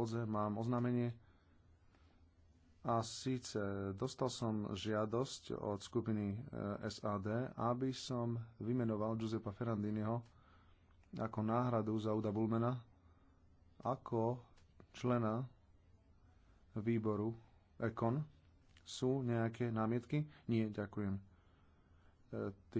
schôdze mám oznámenie. A síce dostal som žiadosť od skupiny e, SAD, aby som vymenoval Giuseppa Ferrandiniho ako náhradu za Uda Bulmena ako člena výboru ECON. Sú nejaké námietky? Nie, ďakujem. E, tým